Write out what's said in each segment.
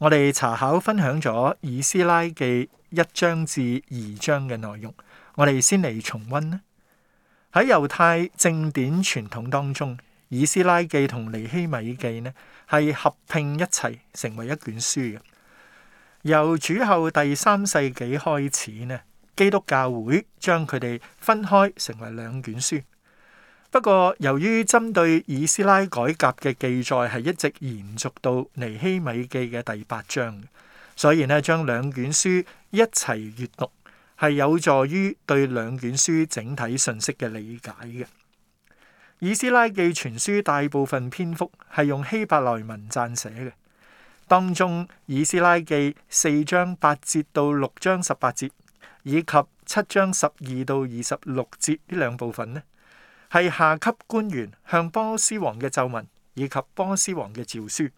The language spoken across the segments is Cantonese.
我哋查考分享咗以斯拉記一章至二章嘅內容，我哋先嚟重溫咧。喺猶太正典傳統當中，以斯拉記同尼希米記咧係合併一齊成為一卷書嘅。由主後第三世紀開始咧，基督教會將佢哋分開成為兩卷書。不過，由於針對以斯拉改革嘅記載係一直延續到尼希米記嘅第八章，所以呢將兩卷書一齊閱讀係有助於對兩卷書整體信息嘅理解嘅。以斯拉記全書大部分篇幅係用希伯來文撰寫嘅，當中以斯拉記四章八節到六章十八節，以及七章十二到二十六節呢兩部分呢。係下級官員向波斯王嘅奏文，以及波斯王嘅詔書，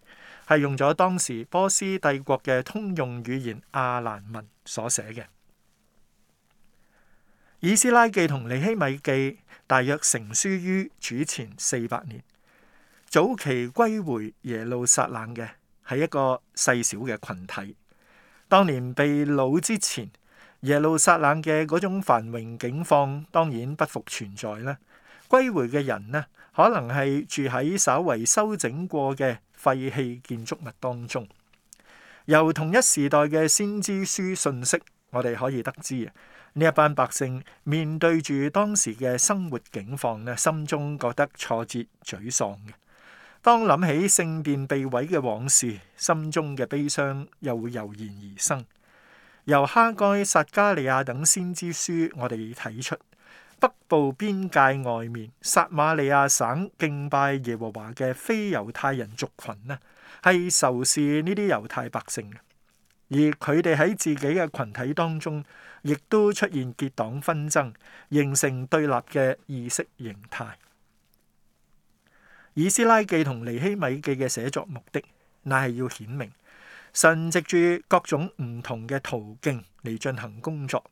係用咗當時波斯帝國嘅通用語言亞蘭文所寫嘅。以斯拉記同尼希米記大約成書於主前四百年。早期歸回耶路撒冷嘅係一個細小嘅群體。當年被擄之前，耶路撒冷嘅嗰種繁榮景況當然不復存在啦。歸回嘅人呢，可能係住喺稍為修整過嘅廢棄建築物當中。由同一時代嘅先知書信息，我哋可以得知啊，呢一班百姓面對住當時嘅生活境況呢，心中覺得挫折沮喪嘅。當諗起聖殿被毀嘅往事，心中嘅悲傷又會油然而生。由哈該、撒加利亞等先知書，我哋睇出。北部邊界外面，撒馬利亞省敬拜耶和華嘅非猶太人族群呢，係仇視呢啲猶太百姓，而佢哋喺自己嘅群體當中，亦都出現結黨紛爭，形成對立嘅意識形態。以斯拉記同尼希米記嘅寫作目的，乃係要顯明神藉住各種唔同嘅途徑嚟進行工作，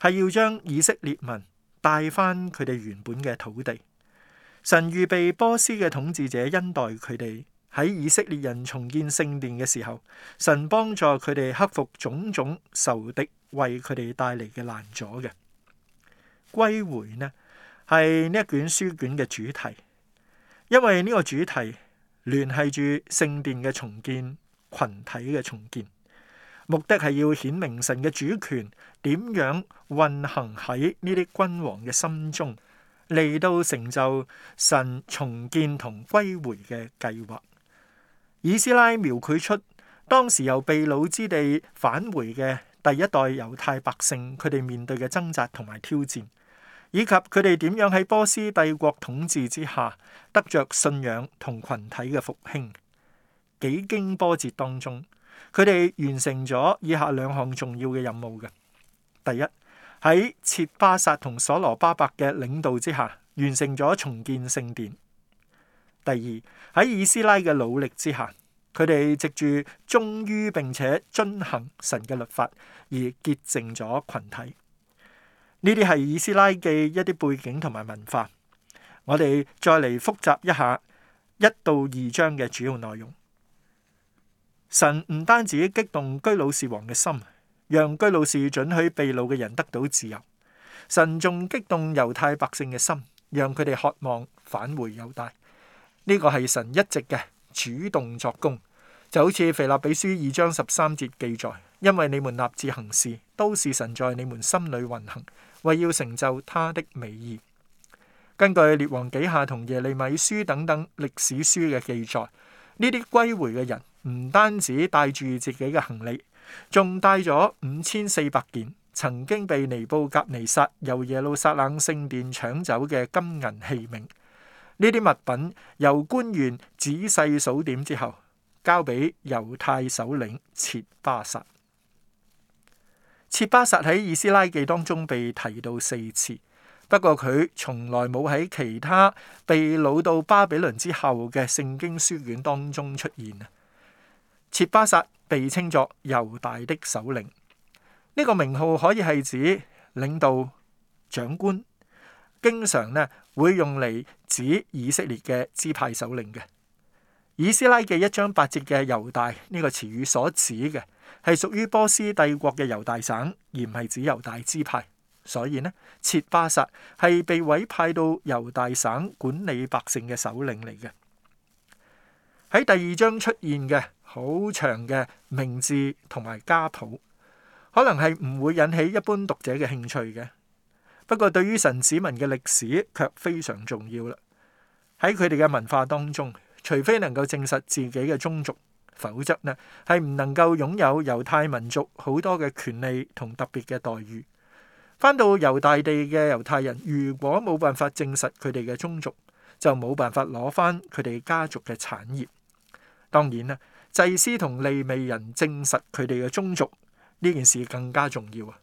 係要將以色列文。帶翻佢哋原本嘅土地，神預備波斯嘅統治者恩待佢哋。喺以色列人重建聖殿嘅時候，神幫助佢哋克服種種仇敵為佢哋帶嚟嘅難阻嘅歸回呢，係呢一卷書卷嘅主題，因為呢個主題聯繫住聖殿嘅重建、群體嘅重建。目的係要顯明神嘅主權，點樣運行喺呢啲君王嘅心中，嚟到成就神重建同歸回嘅計劃。以斯拉描繪出當時由被擄之地返回嘅第一代猶太百姓，佢哋面對嘅掙扎同埋挑戰，以及佢哋點樣喺波斯帝國統治之下得着信仰同群體嘅復興。幾經波折當中。佢哋完成咗以下兩項重要嘅任務嘅。第一，喺切巴薩同所羅巴伯嘅領導之下，完成咗重建聖殿。第二，喺以斯拉嘅努力之下，佢哋藉住忠於並且遵行神嘅律法而潔淨咗群體。呢啲係以斯拉嘅一啲背景同埋文化。我哋再嚟複習一下一到二章嘅主要內容。神唔單止激動居魯士王嘅心，讓居魯士准許被擄嘅人得到自由。神仲激動猶太百姓嘅心，讓佢哋渴望返回猶大。呢、這個係神一直嘅主動作工，就好似《腓立比書》二章十三節記載：因為你們立志行事，都是神在你們心裏運行，為要成就他的美意。根據《列王紀下》同《耶利米書》等等歷史書嘅記載，呢啲歸回嘅人，唔單止帶住自己嘅行李，仲帶咗五千四百件曾經被尼布甲尼撒由耶路撒冷聖殿搶走嘅金銀器皿。呢啲物品由官員仔細數點之後，交俾猶太首領切巴薩。切巴薩喺《以斯拉記》當中被提到四次，不過佢從來冇喺其他被擄到巴比倫之後嘅聖經書卷當中出現。切巴撒被稱作猶大的首領，呢、這個名號可以係指領導長官，經常呢會用嚟指以色列嘅支派首領嘅。以斯拉嘅一章八節嘅猶大呢、這個詞語所指嘅係屬於波斯帝國嘅猶大省，而唔係指猶大支派。所以呢，切巴撒係被委派到猶大省管理百姓嘅首領嚟嘅。喺第二章出現嘅。好長嘅名字同埋家譜，可能係唔會引起一般讀者嘅興趣嘅。不過，對於神子民嘅歷史卻非常重要啦。喺佢哋嘅文化當中，除非能夠證實自己嘅宗族，否則呢係唔能夠擁有猶太民族好多嘅權利同特別嘅待遇。返到猶大地嘅猶太人，如果冇辦法證實佢哋嘅宗族，就冇辦法攞返佢哋家族嘅產業。當然啦。祭司同利未人證實佢哋嘅宗族呢件事更加重要啊，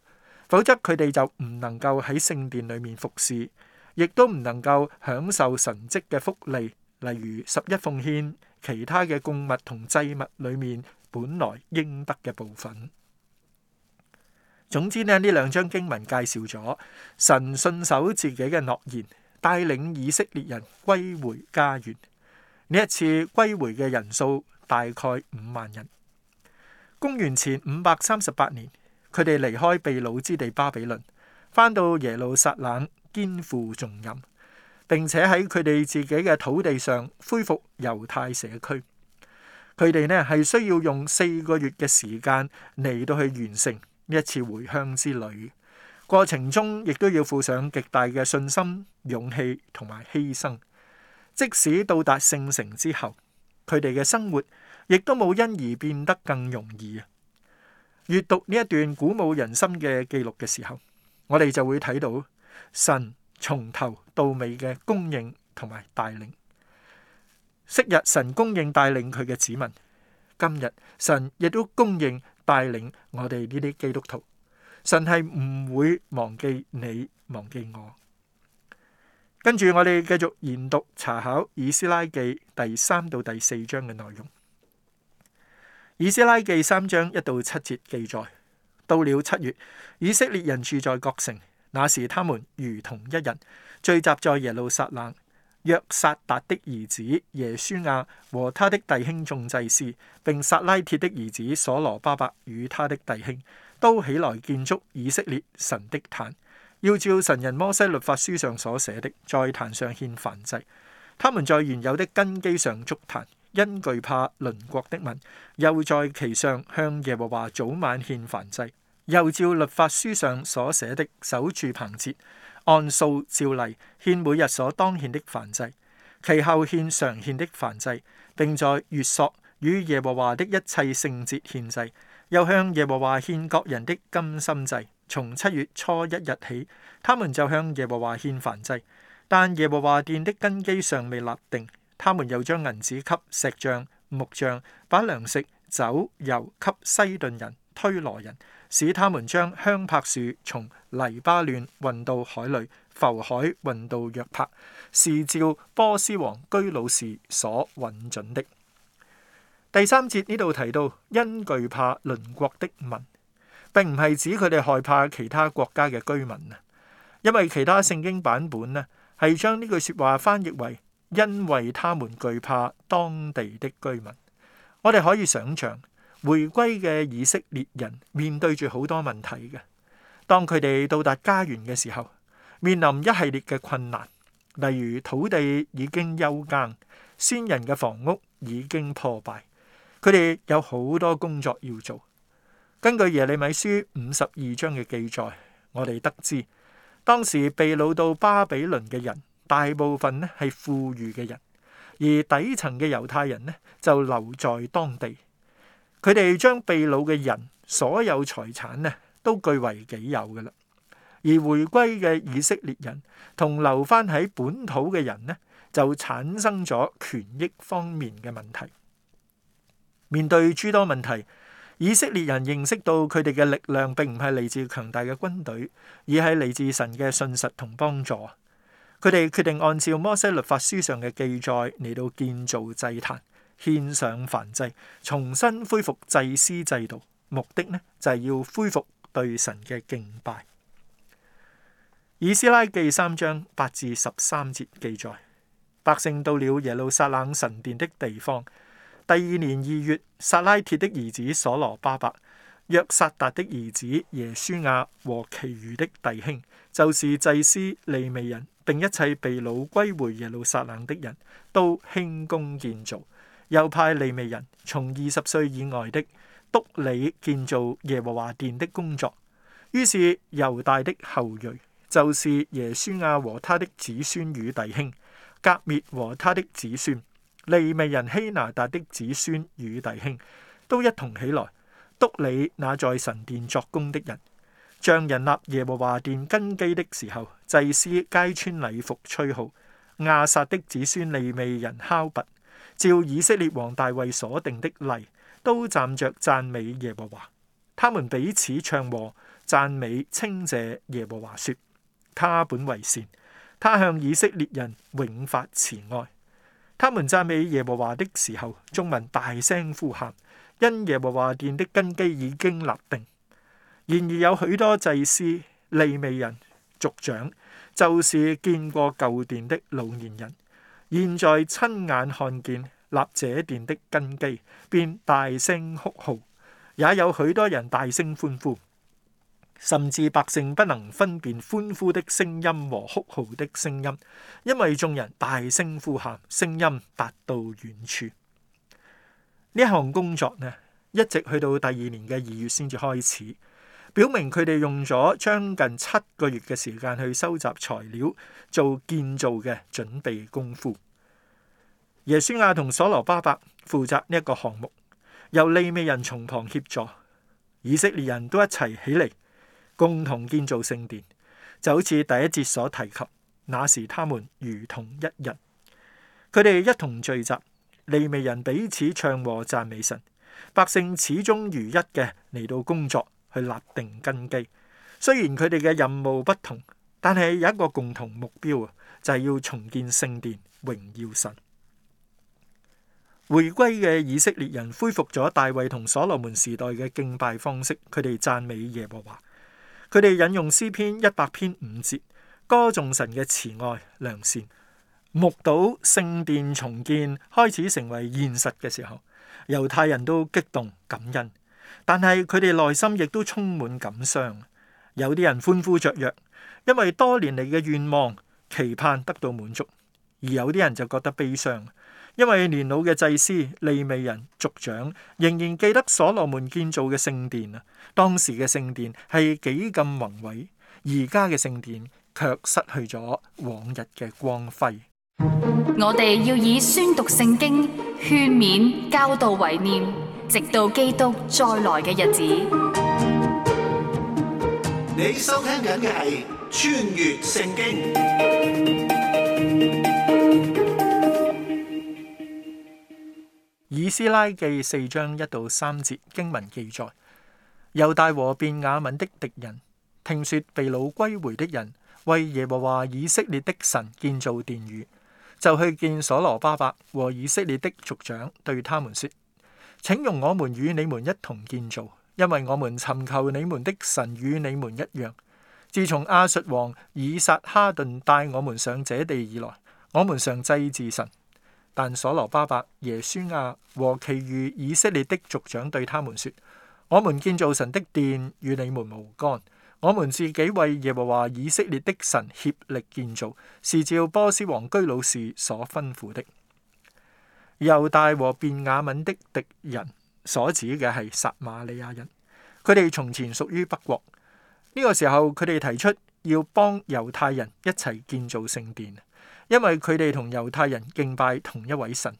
否則佢哋就唔能夠喺聖殿裏面服侍，亦都唔能夠享受神職嘅福利，例如十一奉獻、其他嘅供物同祭物裏面本來應得嘅部分。總之呢，呢兩章經文介紹咗神信守自己嘅諾言，帶領以色列人歸回家園。呢一次歸回嘅人數。大概五萬人。公元前五百三十八年，佢哋離開被擄之地巴比倫，返到耶路撒冷，肩負重任，並且喺佢哋自己嘅土地上恢復猶太社區。佢哋呢係需要用四個月嘅時間嚟到去完成一次回鄉之旅，過程中亦都要付上極大嘅信心、勇氣同埋犧牲。即使到達聖城之後。佢哋嘅生活，亦都冇因而變得更容易啊！閱讀呢一段鼓舞人心嘅記錄嘅時候，我哋就會睇到神從頭到尾嘅供應同埋帶領。昔日神供應帶領佢嘅子民，今日神亦都供應帶領我哋呢啲基督徒。神係唔會忘記你，忘記我。跟住我哋繼續研讀查考以斯拉記第三到第四章嘅內容。以斯拉記三章一到七節記載：到了七月，以色列人住在各城，那時他們如同一人，聚集在耶路撒冷。約撒達的兒子耶書亞和他的弟兄眾祭司，並撒拉鐵的兒子所羅巴伯與他的弟兄，都起來建築以色列神的壇。要照神人摩西律法書上所寫的，在壇上獻燔祭；他們在原有的根基上築壇，因懼怕鄰國的民，又在其上向耶和華早晚獻燔祭；又照律法書上所寫的，守住棚節，按數照例獻每日所當獻的燔祭，其後獻常獻的燔祭，並在月朔與耶和華的一切聖節獻祭，又向耶和華獻各人的甘心祭。從七月初一日起，他們就向耶和華獻燔祭，但耶和華殿的根基尚未立定，他們又將銀子給石匠、木匠，把糧食、酒、油給西頓人、推羅人，使他們將香柏樹從黎巴嫩運到海裏，浮海運到約帕，是照波斯王居魯士所允准的。第三節呢度提到因懼怕鄰國的民。並唔係指佢哋害怕其他國家嘅居民啊，因為其他聖經版本咧，係將呢句説話翻譯為因為他們懼怕當地的居民。我哋可以想像，回歸嘅以色列人面對住好多問題嘅。當佢哋到達家園嘅時候，面臨一系列嘅困難，例如土地已經休耕，先人嘅房屋已經破敗，佢哋有好多工作要做。根據耶利米書五十二章嘅記載，我哋得知當時被擄到巴比倫嘅人，大部分呢係富裕嘅人，而底層嘅猶太人呢就留在當地。佢哋將被擄嘅人所有財產呢都據為己有㗎喇。而回歸嘅以色列人同留翻喺本土嘅人呢，就產生咗權益方面嘅問題。面對諸多問題。以色列人認識到佢哋嘅力量並唔係嚟自強大嘅軍隊，而係嚟自神嘅信實同幫助。佢哋決定按照摩西律法書上嘅記載嚟到建造祭壇，獻上燔祭，重新恢復祭司制度。目的呢就係要恢復對神嘅敬拜。以斯拉記三章八至十三節記載：百姓到了耶路撒冷神殿的地方。第二年二月，撒拉鐵的兒子索羅巴伯，約撒達的兒子耶書亞和其餘的弟兄，就是祭司利未人並一切被擄歸回耶路撒冷的人都興工建造。又派利未人從二十歲以外的督理建造耶和華殿的工作。於是猶大的後裔，就是耶書亞和他的子孫與弟兄，革滅和他的子孫。利未人希拿達的子孫與弟兄都一同起來，督理那在神殿作工的人。像人立耶和華殿根基的時候，祭司皆穿禮服吹號。亞薩的子孫利未人敲鈸，照以色列王大衛所定的例，都站着讚美耶和華。他們彼此唱和，讚美稱謝耶和華，說：他本為善，他向以色列人永發慈愛。他們讚美耶和華的時候，眾民大聲呼喊，因耶和華殿的根基已經立定。然而有許多祭司、利未人、族長，就是見過舊殿的老年人，現在親眼看見立這殿的根基，便大聲哭號，也有許多人大聲歡呼。甚至百姓不能分辨歡呼的聲音和哭號的聲音，因為眾人大聲呼喊，聲音達到遠處。呢一項工作呢，一直去到第二年嘅二月先至開始，表明佢哋用咗將近七個月嘅時間去收集材料做建造嘅準備功夫。耶書亞同所羅巴伯負責呢一個項目，由利未人從旁協助，以色列人都一齊起嚟。共同建造聖殿，就好似第一節所提及，那時他們如同一人。佢哋一同聚集利未人，彼此唱和讚美神。百姓始終如一嘅嚟，到工作去立定根基，雖然佢哋嘅任務不同，但係有一個共同目標啊，就係要重建聖殿，榮耀神。回歸嘅以色列人恢復咗大衛同所羅門時代嘅敬拜方式，佢哋讚美耶和華。佢哋引用詩篇一百篇五節，歌頌神嘅慈愛、良善。目睹聖殿重建開始成為現實嘅時候，猶太人都激動、感恩，但係佢哋內心亦都充滿感傷。有啲人歡呼雀躍，因為多年嚟嘅願望、期盼得到滿足；而有啲人就覺得悲傷。因為年老嘅祭司、利未人、族長仍然記得所羅門建造嘅聖殿啊，當時嘅聖殿係幾咁宏偉，而家嘅聖殿卻失去咗往日嘅光輝。我哋要以宣讀聖經、勸勉、教導、為念，直到基督再來嘅日子。你收聽緊嘅係穿越聖經。以斯拉記四章一到三節經文記載，猶大和便雅憫的敵人，聽說被擄歸回的人為耶和華以色列的神建造殿宇，就去見所羅巴伯和以色列的族長，對他們說：請容我們與你們一同建造，因為我們尋求你們的神與你們一樣。自從亞述王以撒哈頓帶我們上這地以來，我們常祭祀神。但所羅巴伯、耶書亞和其餘以色列的族長對他們說：我們建造神的殿與你們無干，我們自己為耶和華以色列的神協力建造，是照波斯王居魯士所吩咐的。猶大和便雅憫的敵人所指嘅係撒瑪利亞人，佢哋從前屬於北國。呢、這個時候，佢哋提出要幫猶太人一齊建造聖殿。因為佢哋同猶太人敬拜同一位神，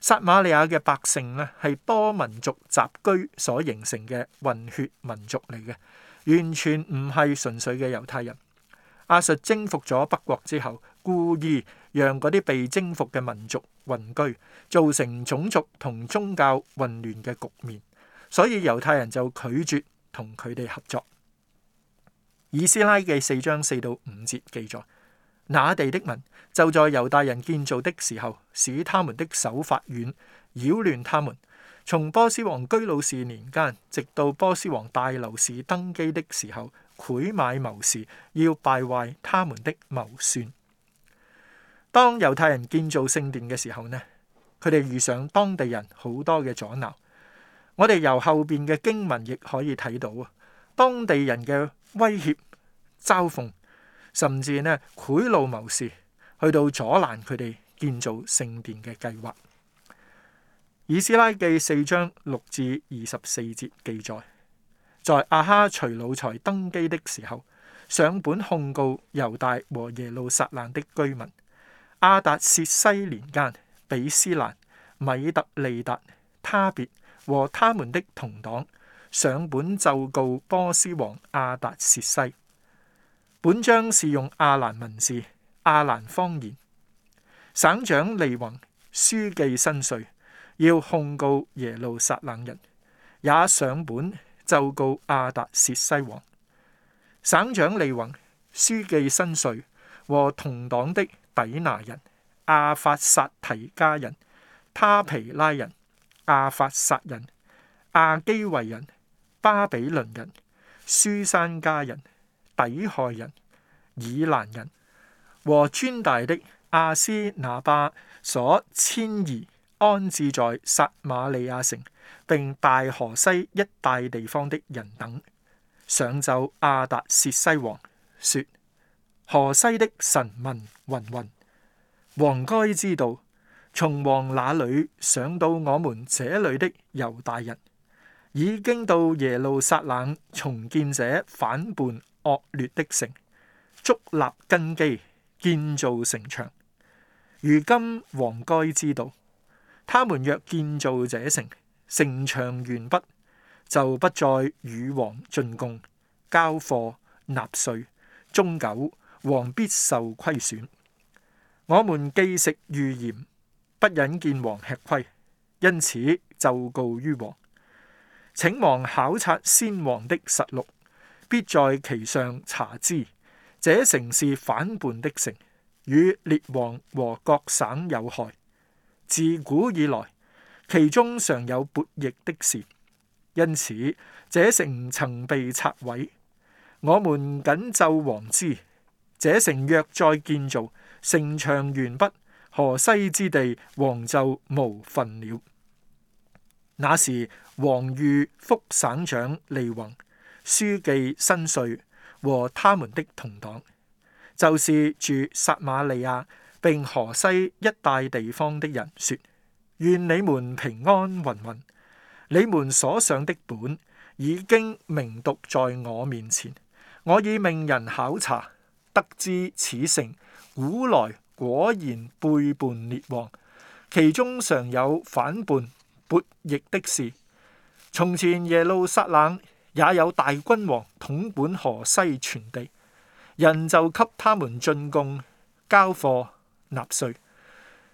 撒瑪利亞嘅百姓咧，係多民族集居所形成嘅混血民族嚟嘅，完全唔係純粹嘅猶太人。亞述征服咗北國之後，故意讓嗰啲被征服嘅民族混居，造成種族同宗教混亂嘅局面，所以猶太人就拒絕同佢哋合作。以斯拉嘅四章四到五節記載。那地的民就在猶太人建造的時候，使他們的手發軟，擾亂他們。從波斯王居魯士年間，直到波斯王大流士登基的時候，賄買謀士，要敗壞他們的謀算。當猶太人建造聖殿嘅時候呢，佢哋遇上當地人好多嘅阻撓。我哋由後邊嘅經文亦可以睇到啊，當地人嘅威脅、嘲諷。甚至呢，賄賂謀士，去到阻攔佢哋建造聖殿嘅計劃。以斯拉記四章六至二十四節記載，在亞哈隨魯才登基的時候，上本控告猶大和耶路撒冷的居民。亞達薛西年間，比施蘭、米特利達、他別和他們的同黨上本奏告波斯王亞達薛西。本章是用亞蘭文字、亞蘭方言。省長利宏、書記伸帥要控告耶路撒冷人，也上本奏告亞達薛西王。省長利宏、書記伸帥和同黨的底拿人、亞法薩提迦人、他毗拉人、亞法撒人、亞基衛人、巴比倫人、書珊迦人。底害人、以攔人和尊大的亞斯那巴所遷移安置在撒瑪利亞城，並大河西一帶地方的人等，上奏亞達薛西王說：河西的臣民云云，王該知道，從王那裏上到我們這裏的猶大人，已經到耶路撒冷重建者反叛。惡劣的城，築立根基，建造城牆。如今王該知道，他們若建造這城，城牆完畢就不再與王進貢、交貨、納稅，終久，王必受虧損。我們既食御鹽，不忍見王吃虧，因此奏告於王，請王考察先王的實錄。必在其上查之。這城是反叛的城，與列王和各省有害。自古以來，其中常有悖逆的事，因此這城曾被拆毀。我們謹奏王知，這城若再建造，城牆完畢，河西之地王就無份了。那時王遇副省長利宏。書記伸帥和他們的同黨，就是住撒瑪利亞並河西一帶地方的人說：願你們平安。云云，你們所上的本已經明讀在我面前，我已命人考察，得知此城古來果然背叛列王，其中常有反叛悖逆的事。從前耶路撒冷。也有大君王統管河西全地，人就給他們進貢、交貨、納稅。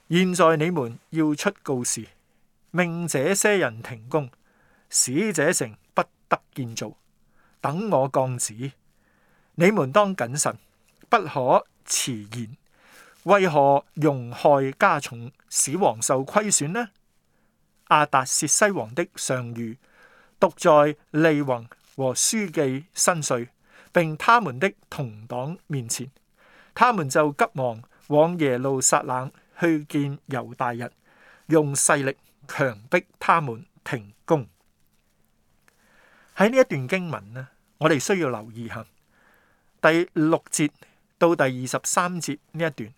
現在你們要出告示，命這些人停工，使這城不得建造。等我降旨，你們當謹慎，不可遲延。為何容害加重，使王受虧損呢？阿達薛西王的上諭。讀在利宏、和書記伸帥並他們的同黨面前，他們就急忙往耶路撒冷去見猶大人，用勢力強迫他們停工。喺呢一段經文呢，我哋需要留意下第六節到第二十三節呢一段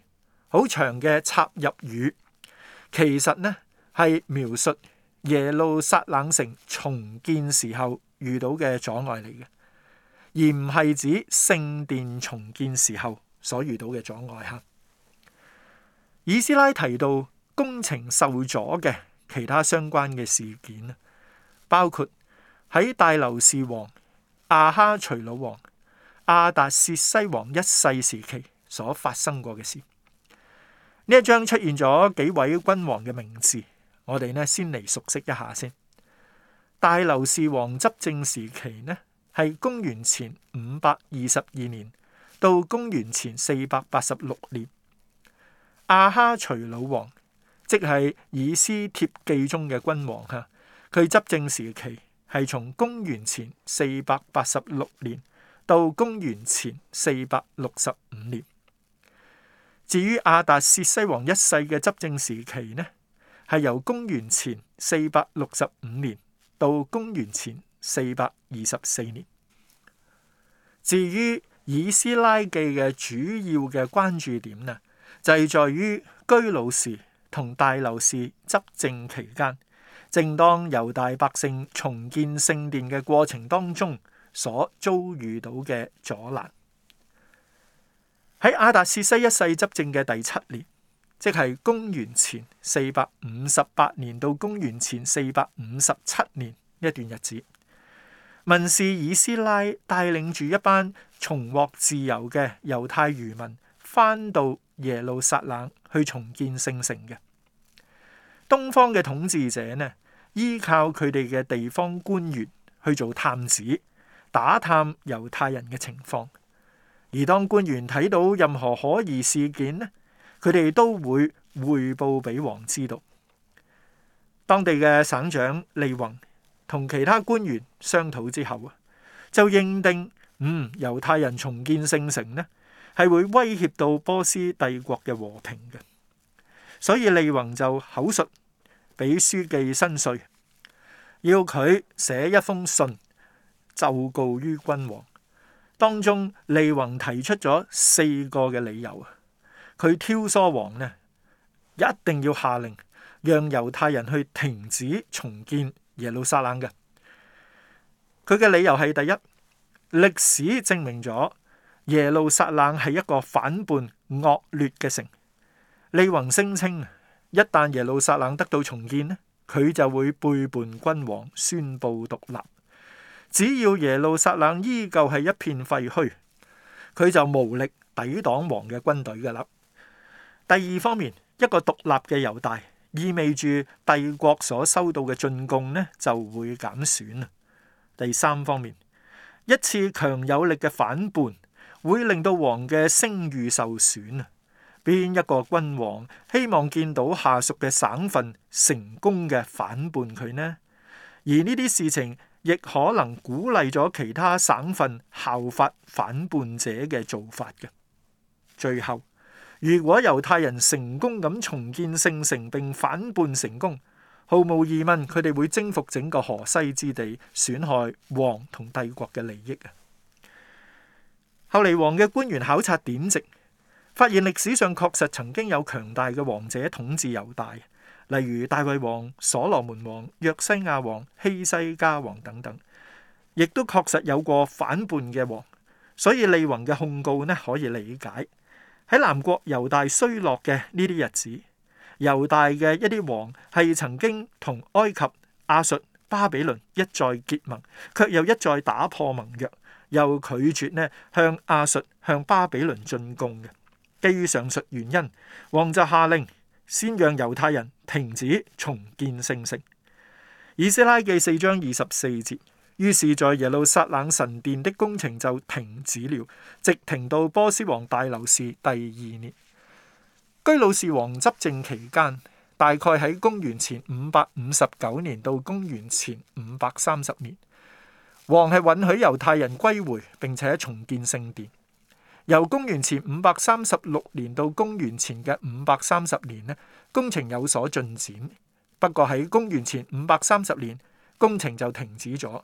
好長嘅插入語，其實呢係描述。耶路撒冷城重建時候遇到嘅阻礙嚟嘅，而唔係指聖殿重建時候所遇到嘅阻礙哈。以斯拉提到工程受阻嘅其他相關嘅事件，包括喺大流士王、亞哈隨魯王、亞達薛西王一世時期所發生過嘅事。呢一章出現咗幾位君王嘅名字。我哋呢先嚟熟悉一下先。大流士王執政時期呢，係公元前五百二十二年到公元前四百八十六年。亞哈隨魯王，即係《以斯帖記》中嘅君王吓，佢執政時期係從公元前四百八十六年到公元前四百六十五年。至於亞達薛西王一世嘅執政時期呢？係由公元前四百六十五年到公元前四百二十四年。至於以斯拉記嘅主要嘅關注點呢，就係、是、在於居魯士同大流士執政期間，正當猶大百姓重建聖殿嘅過程當中所遭遇到嘅阻攔。喺亞達薛西一世執政嘅第七年。即係公元前四百五十八年到公元前四百五十七年一段日子，文士以斯拉帶領住一班重獲自由嘅猶太漁民翻到耶路撒冷去重建聖城嘅。東方嘅統治者呢，依靠佢哋嘅地方官員去做探子，打探猶太人嘅情況。而當官員睇到任何可疑事件呢，佢哋都會彙報俾王知道。當地嘅省長利宏同其他官員商討之後啊，就認定嗯，猶太人重建聖城咧係會威脅到波斯帝國嘅和平嘅，所以利宏就口述俾書記伸帥，要佢寫一封信就告於君王。當中利宏提出咗四個嘅理由啊。佢挑唆王呢，一定要下令讓猶太人去停止重建耶路撒冷嘅。佢嘅理由係：第一，歷史證明咗耶路撒冷係一個反叛惡劣嘅城。利宏聲稱，一旦耶路撒冷得到重建呢，佢就會背叛君王，宣佈獨立。只要耶路撒冷依舊係一片廢墟，佢就無力抵擋王嘅軍隊㗎啦。第二方面，一個獨立嘅猶大意味住帝國所收到嘅進貢咧就會減損。第三方面，一次強有力嘅反叛會令到王嘅聲譽受損啊。邊一個君王希望見到下屬嘅省份成功嘅反叛佢呢？而呢啲事情亦可能鼓勵咗其他省份效法反叛者嘅做法嘅。最後。如果猶太人成功咁重建聖城並反叛成功，毫無疑問佢哋會征服整個河西之地，損害王同帝國嘅利益啊！後嚟王嘅官員考察典籍，發現歷史上確實曾經有強大嘅王者統治猶大，例如大衛王、所羅門王、約西亞王、希西家王等等，亦都確實有過反叛嘅王，所以利宏嘅控告呢可以理解。喺南國猶大衰落嘅呢啲日子，猶大嘅一啲王係曾經同埃及、亞述、巴比倫一再結盟，卻又一再打破盟約，又拒絕呢向亞述、向巴比倫進貢嘅。基於上述原因，王就下令先讓猶太人停止重建聖城。以斯拉記四章二十四節。於是，在耶路撒冷神殿的工程就停止了，直停到波斯王大流士第二年。居魯士王執政期間，大概喺公元前五百五十九年到公元前五百三十年，王係允許猶太人歸回並且重建聖殿。由公元前五百三十六年到公元前嘅五百三十年咧，工程有所進展，不過喺公元前五百三十年，工程就停止咗。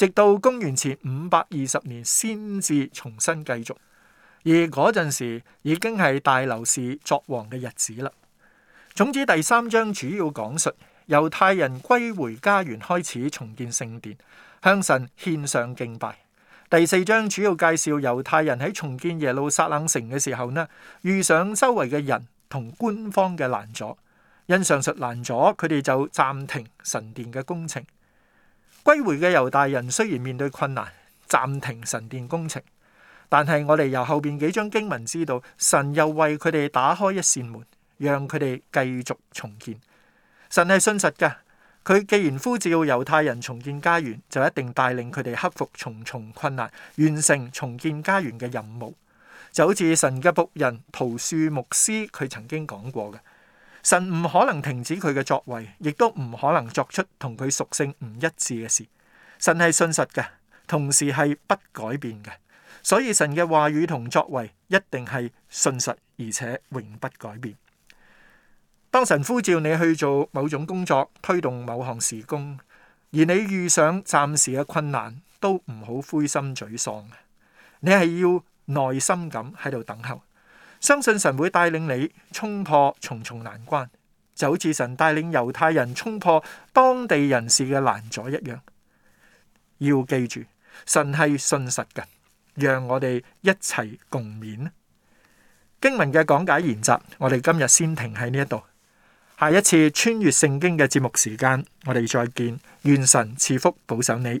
直到公元前五百二十年，先至重新繼續。而嗰陣時已經係大流士作王嘅日子啦。總之，第三章主要講述猶太人歸回家園，開始重建聖殿，向神獻上敬拜。第四章主要介紹猶太人喺重建耶路撒冷城嘅時候呢，遇上周圍嘅人同官方嘅攔阻，因上述攔阻，佢哋就暫停神殿嘅工程。歸回嘅猶大人雖然面對困難，暫停神殿工程，但係我哋由後面幾章經文知道，神又為佢哋打開一扇門，讓佢哋繼續重建。神係信實嘅，佢既然呼召猶太人重建家園，就一定帶領佢哋克服重重困難，完成重建家園嘅任務。就好似神嘅僕人陶恕牧師，佢曾經講過嘅。神唔可能停止佢嘅作為，亦都唔可能作出同佢屬性唔一致嘅事。神係信實嘅，同時係不改變嘅。所以神嘅話語同作為一定係信實，而且永不改變。當神呼召你去做某種工作，推動某項事工，而你遇上暫時嘅困難，都唔好灰心沮喪。你係要耐心咁喺度等候。相信神會帶領你衝破重重難關，就好似神帶領猶太人衝破當地人士嘅難阻一樣。要記住，神係信實嘅，讓我哋一齊共勉啦。經文嘅講解研習，我哋今日先停喺呢一度。下一次穿越聖經嘅節目時間，我哋再見，願神賜福保守你。